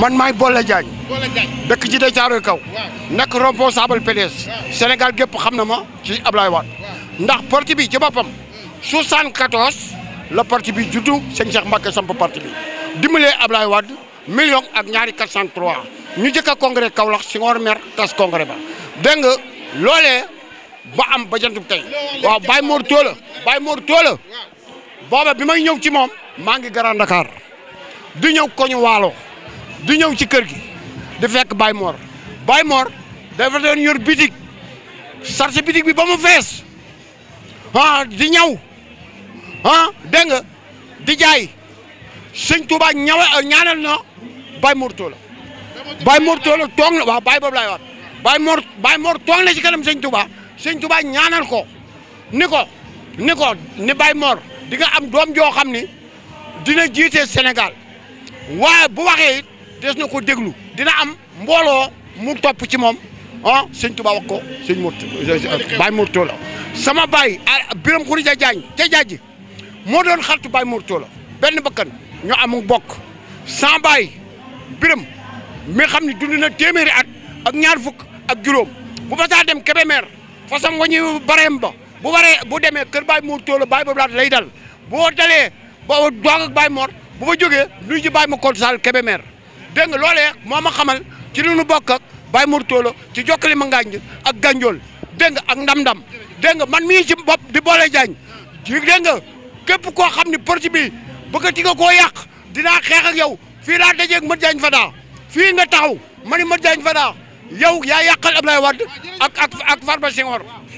man maay Bolle Diagne. Bolle dëkk ci de Caaroy kaw. nekk responsable PDS. Sénégal gépp xam na ma ci Ablaye Wade. ndax parti bi ci boppam. 74 hmm. la parti bi juddu sëñ Cheikh Mbacke samp parti bi dimbalee Ablaye Wade million ak ñaari 403 ñu jëkk a congrès Kaolack si ngoor mer tas congrès ba dégg nga loolee ba am ba jantub tey waaw Baye Mor Toola Baye Mor Toola booba bi may ñëw ci moom maa ngi Grand Dakar di ñëw koñu Waalo di ñëw ci kër gi di fekk bay Mor Baye Mor dafa doon yor bitig sarse bitig bi ba mu fees ah di ñaw ah dégg di jaay sëñ Touba ñawa ñaanal na Baye Mor Talla Baye Mor Talla toog na waaw Baye boobu laay waat Baye Mor Baye na ci kanam sëñ Touba sëñ Touba ñaanal ko ni ko ni ko ni Baye Mor am doom joo xam ni dina jiite senegal waaye bu waxee des na ko déglu dina am mbooloo mu topp ci moom ah sëñ Tuba ko sëñ Mour Baye sama baay ah, Biram Khourédia Diagne ca Diadji moo doon xaritu Baye Mour benn bakkan ñoo am bokk sans baay Biram mi xam ni dund na téeméeri at ak ñaar fukk ak juróom bu ba saa dem Kébémer façon nga ñuy bareem ba bu waree bu demee kër Baye Mour Toola Baye boobu lay dal boo dalee ba doog ak Baye Mor bu ba jógee nuyu ji Baye ma Kold Sall Kébémer dégg nga loolee moo ma xamal ci li nu bokk ak Baye Mourtolo ci jokkali ma ngaañ ak Ganjool dégg nga ak ndam-ndam dégg nga man mii ci bopp di boole jaañ ji dégg nga képp koo xam ni porte bi bëggati nga koo yàq dinaa xeex ak yow fii laa dajeeg Mat Diagne Fada fii nga taxaw ma ni Mat Diagne Fada yow yaa yàqal Abdoulaye Wade ak ak ak